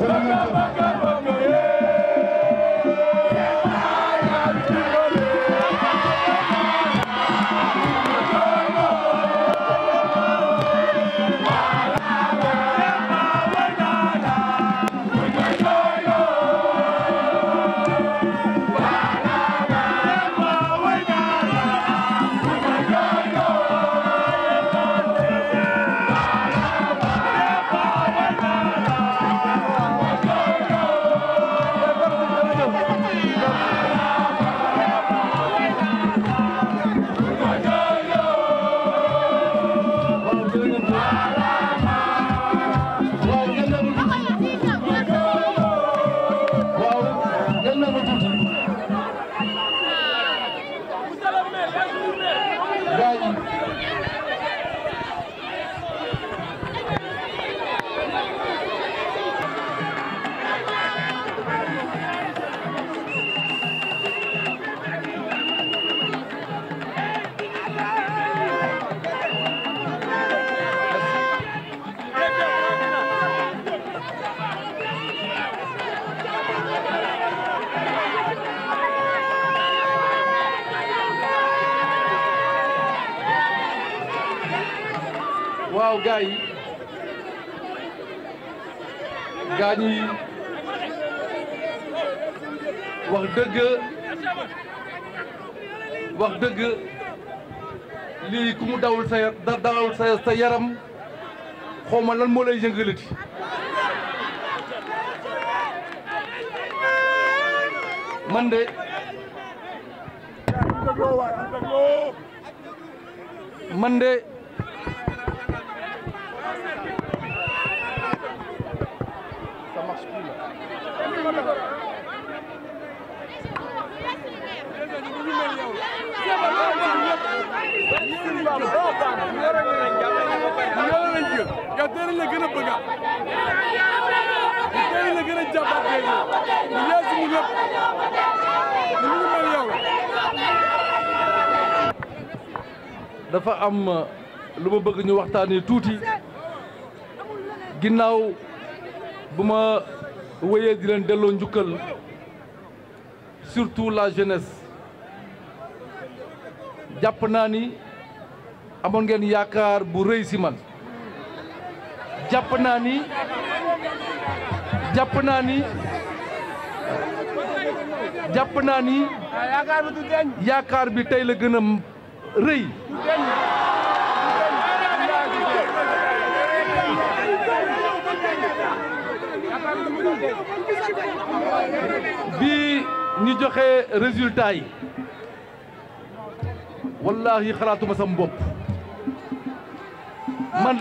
Bırakın! ginnaaw gaa yi wax dëgg wax dëgg lii ku mu dawul sa dawul sa sa yaram xaw ma lan moo man de man de dafa am euh, lu ma bëgg ñu waxtaanee tuuti ginnaaw bu ma wéyee di leen delloo njukkal surtout la jeunesse jàpp naa ni amoon ngeen yaakaar bu rëy siman man jàpp naa ni jàpp naa ni jàpp naa ni ah, yaakaar bi tey la gën a rëy bi ñu joxe résultat yi wallaahi xalaatuma sama bopp man.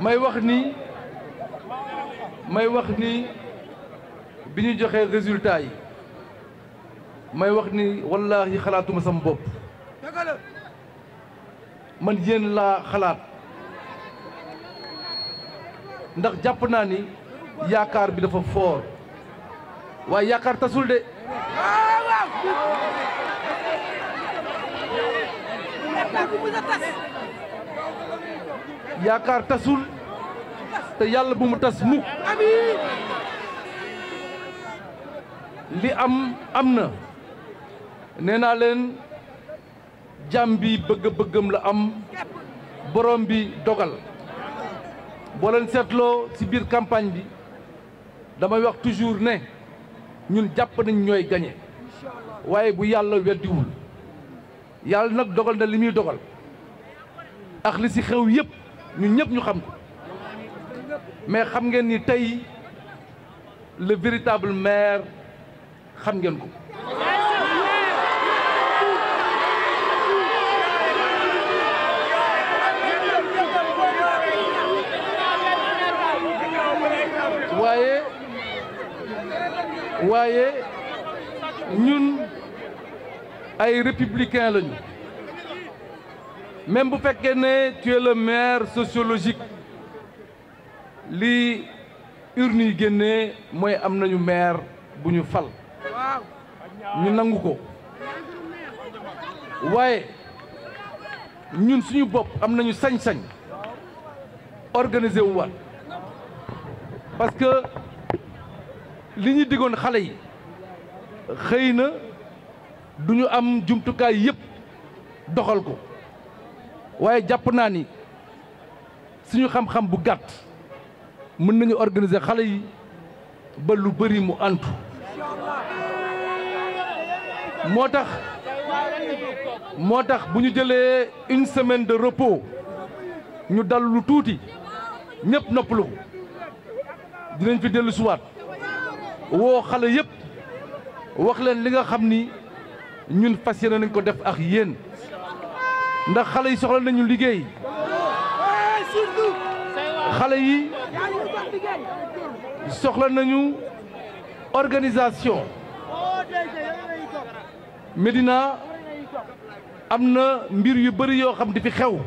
may wax ni may wax ni bi ñu joxee résultat yi may wax ni wallaahi xalaatuma sama bopp man yéen laa xalaat ndax jàpp naa ni yaakaar bi dafa foor waaye yaakaar tasul de yaakaar tasul te yàlla bu mu tas mukk li am am na nee naa leen jàmm bi bëgg-bëggam la am borom bi dogal boo leen seetloo ci biir campagne bi damay wax toujours ne ñun jàpp nañ ñooy gañe waaye bu yàlla weddiwul yàlla nag dogal na li muy dogal ak li si xew yépp Nous savons pas, Mais nous savons que le véritable maire, vous savez. Vous voyez, nous, les républicains, même si tu es le maire sociologique li urne yi moy maire Nous fal ñu nanguko. ñun suñu nous am sañ-sañ parce que liñu ñu xalé yi xeyna duñu am jumtukaay yépp doxal waaye jàpp naa ni suñu xam-xam bu gàtt mën nañu organise xale yi ba bëri mu antu moo tax moo tax bu ñu jëlee une semaine de repos ñu dal lu tuuti ñëpp noppalu dinañ fi dellu suwaat woo xale yëpp wax leen li nga xam ni ñun fas yéene nañ ko def ak yéen ndax xale yi soxla nañu liggéey xale yi soxla nañu organisation Médina am na mbir yu bëri yoo xam di fi xew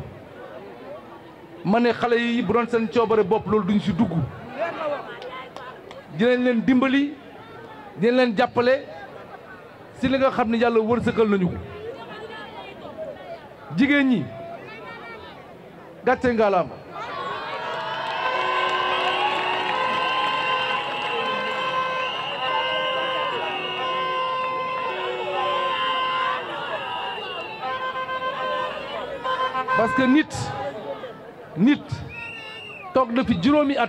ma ne xale yi bu seen coobare bopp loolu duñ si dugg dinañ leen dimbali dinañ leen jàppale si li nga xam ne yàlla wërsëgal nañu Jigeni, gatte ngalam parce que nit nit tok fi juromi at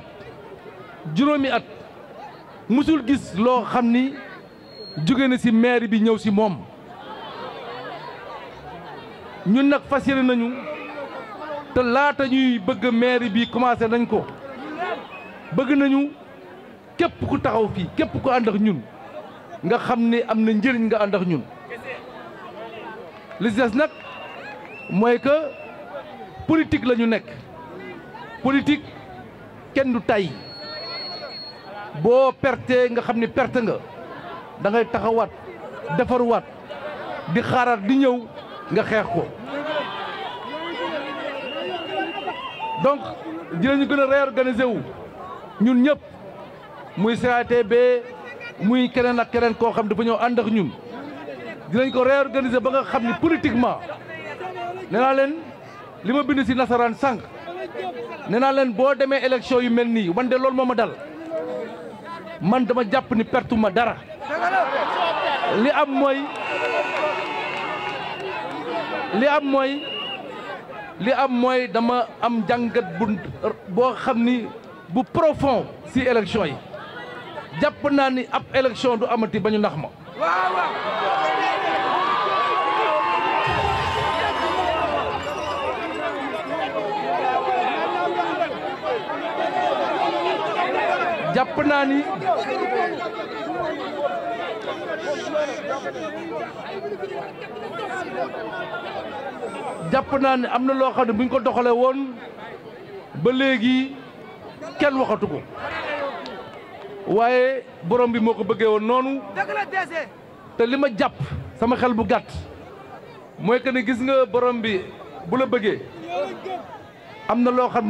juromi at musul gis lo xamni jogé na ci maire bi ñew ci mom ñun nak fasiyene nañu te laata ñuy bëgg maire bi commencé nañ ko bëgg nañu képp ku taxaw fii képp ku ànd ak ñun nga xam ne am na njëriñ nga ànd ak ñun li des nag mooy que politique la nekk politique kenn du tay boo perte nga xam ne nga da ngay taxawaat defarwaat di xaaraat di ñëw nga xeex ko donc dinañu gën a réorganiser wu ñun ñëpp muy CATB muy keneen ak keneen koo xam dafa ñëw ànd ak ñun dinañ ko réorganiser ba nga xam ni politiquement nee naa leen li ma bind si nasaraan sànq nee naa leen boo demee élection yu mel nii man de loolu moo ma dal man dama jàpp ni pertuma dara li am mooy. li am mooy li am mooy dama am jàngat bu boo xam ni bu profond si élection yi jàpp naa ni ab élection du amati bañu nax ma jàpp naa ni japp naan am na loo xam ne bu ñu ko doxale woon ba léegi kenn waxatu ko sama xel bu gàtt mooy que ne gis nga borom bi bu la bëggee am na loo xam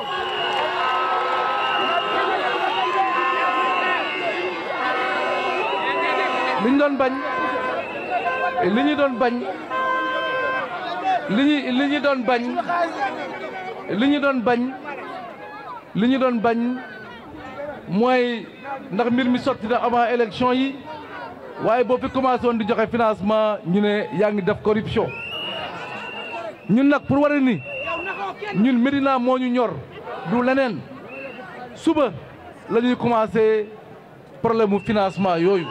li doon bañ li ñu doon bañ li li ñu doon bañ li ñu doon bañ li ñu doon bañ mooy ndax mbir mi sotti na avant élection yi waaye boo fi commencé woon di joxe financement ñu ne yaa ngi def corruption ñun nag pour wara ni ñun Médina moo ñu ñor du leneen suba la ñuy commencé problème mu financement yooyu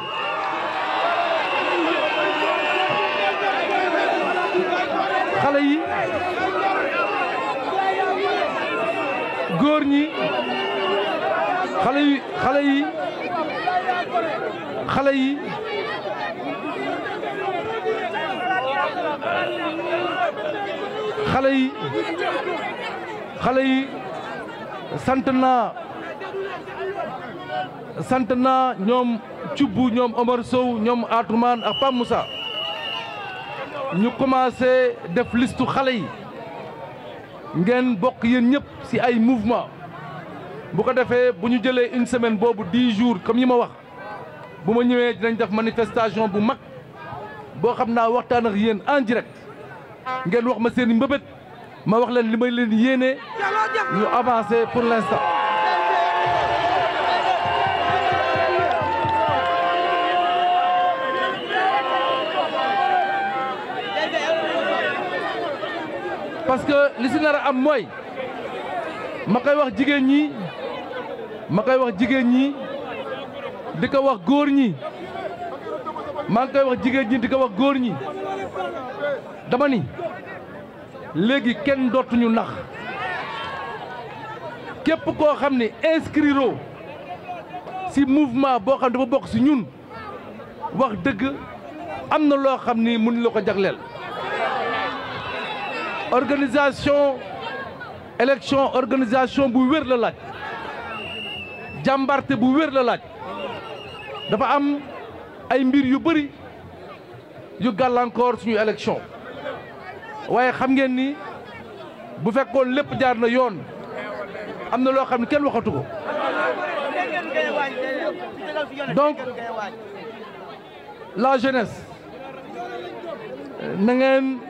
xale yi góor ñi xale yi xale yi xale yi xale yi xale yi sant naa sant naa ñoom Thioub ñoom Omar Sow ñoom Atoumane ak Pape Moussa ñu commencé def listu xale yi ngeen bokk yéen ñëpp ci ay mouvement bu ko defee bu ñu jëlee une semaine boobu dix jours comme yi ma wax bu ma ñëwee dinañ def manifestation bu mag boo xam naa waxtaan ak yéen en direct ngeen wax ma seen i mbëbët ma wax leen li may leen yéene ñu avancer pour l'instant parce que li si nar a am mooy ma koy wax jigéen ñi ma koy wax jigéen ñi di ko wax góor ñi maa ngi koy wax jigéen ñi di ko wax góor ñi dama ni léegi kenn dootuñu nax képp koo xam ne inscrire si mouvement boo xam ne dafa bokk si ñun wax dëgg am na loo xam ni mun la ko jagleel. organisation élection organisation bu le la laaj bouillir bu lac la laaj dafa am ay mbir yu bëri yu gàllankoor suñu élection waye xam ngeen ni bu fekkone lepp jaar na yoon amna lo xamni kenn waxatu donc la jeunesse na ngeen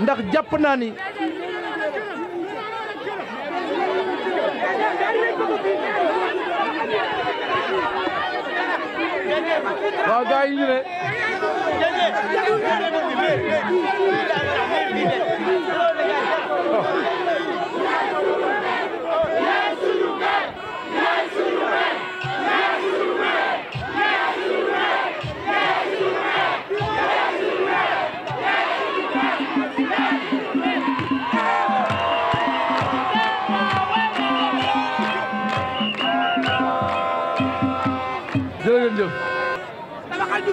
ndax jàpp naa ni waaw gaa yi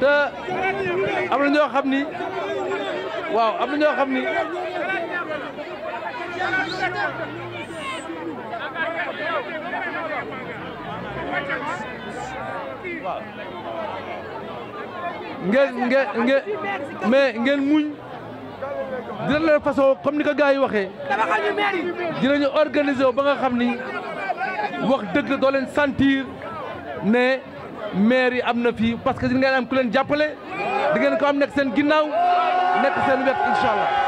te am na ñoo xam ni waaw am na ñoo xam ni ngeen ngeen ngeen ngeen muñ dina leen façon comme ni ko gars yi waxee dinañu organiser wu ba nga xam ni wax dëgg doo leen ne. maire yi am na fii parce que di ngeen am ku leen jàppale di ngeen ko am nekk seen ginnaaw nekk seen wet incha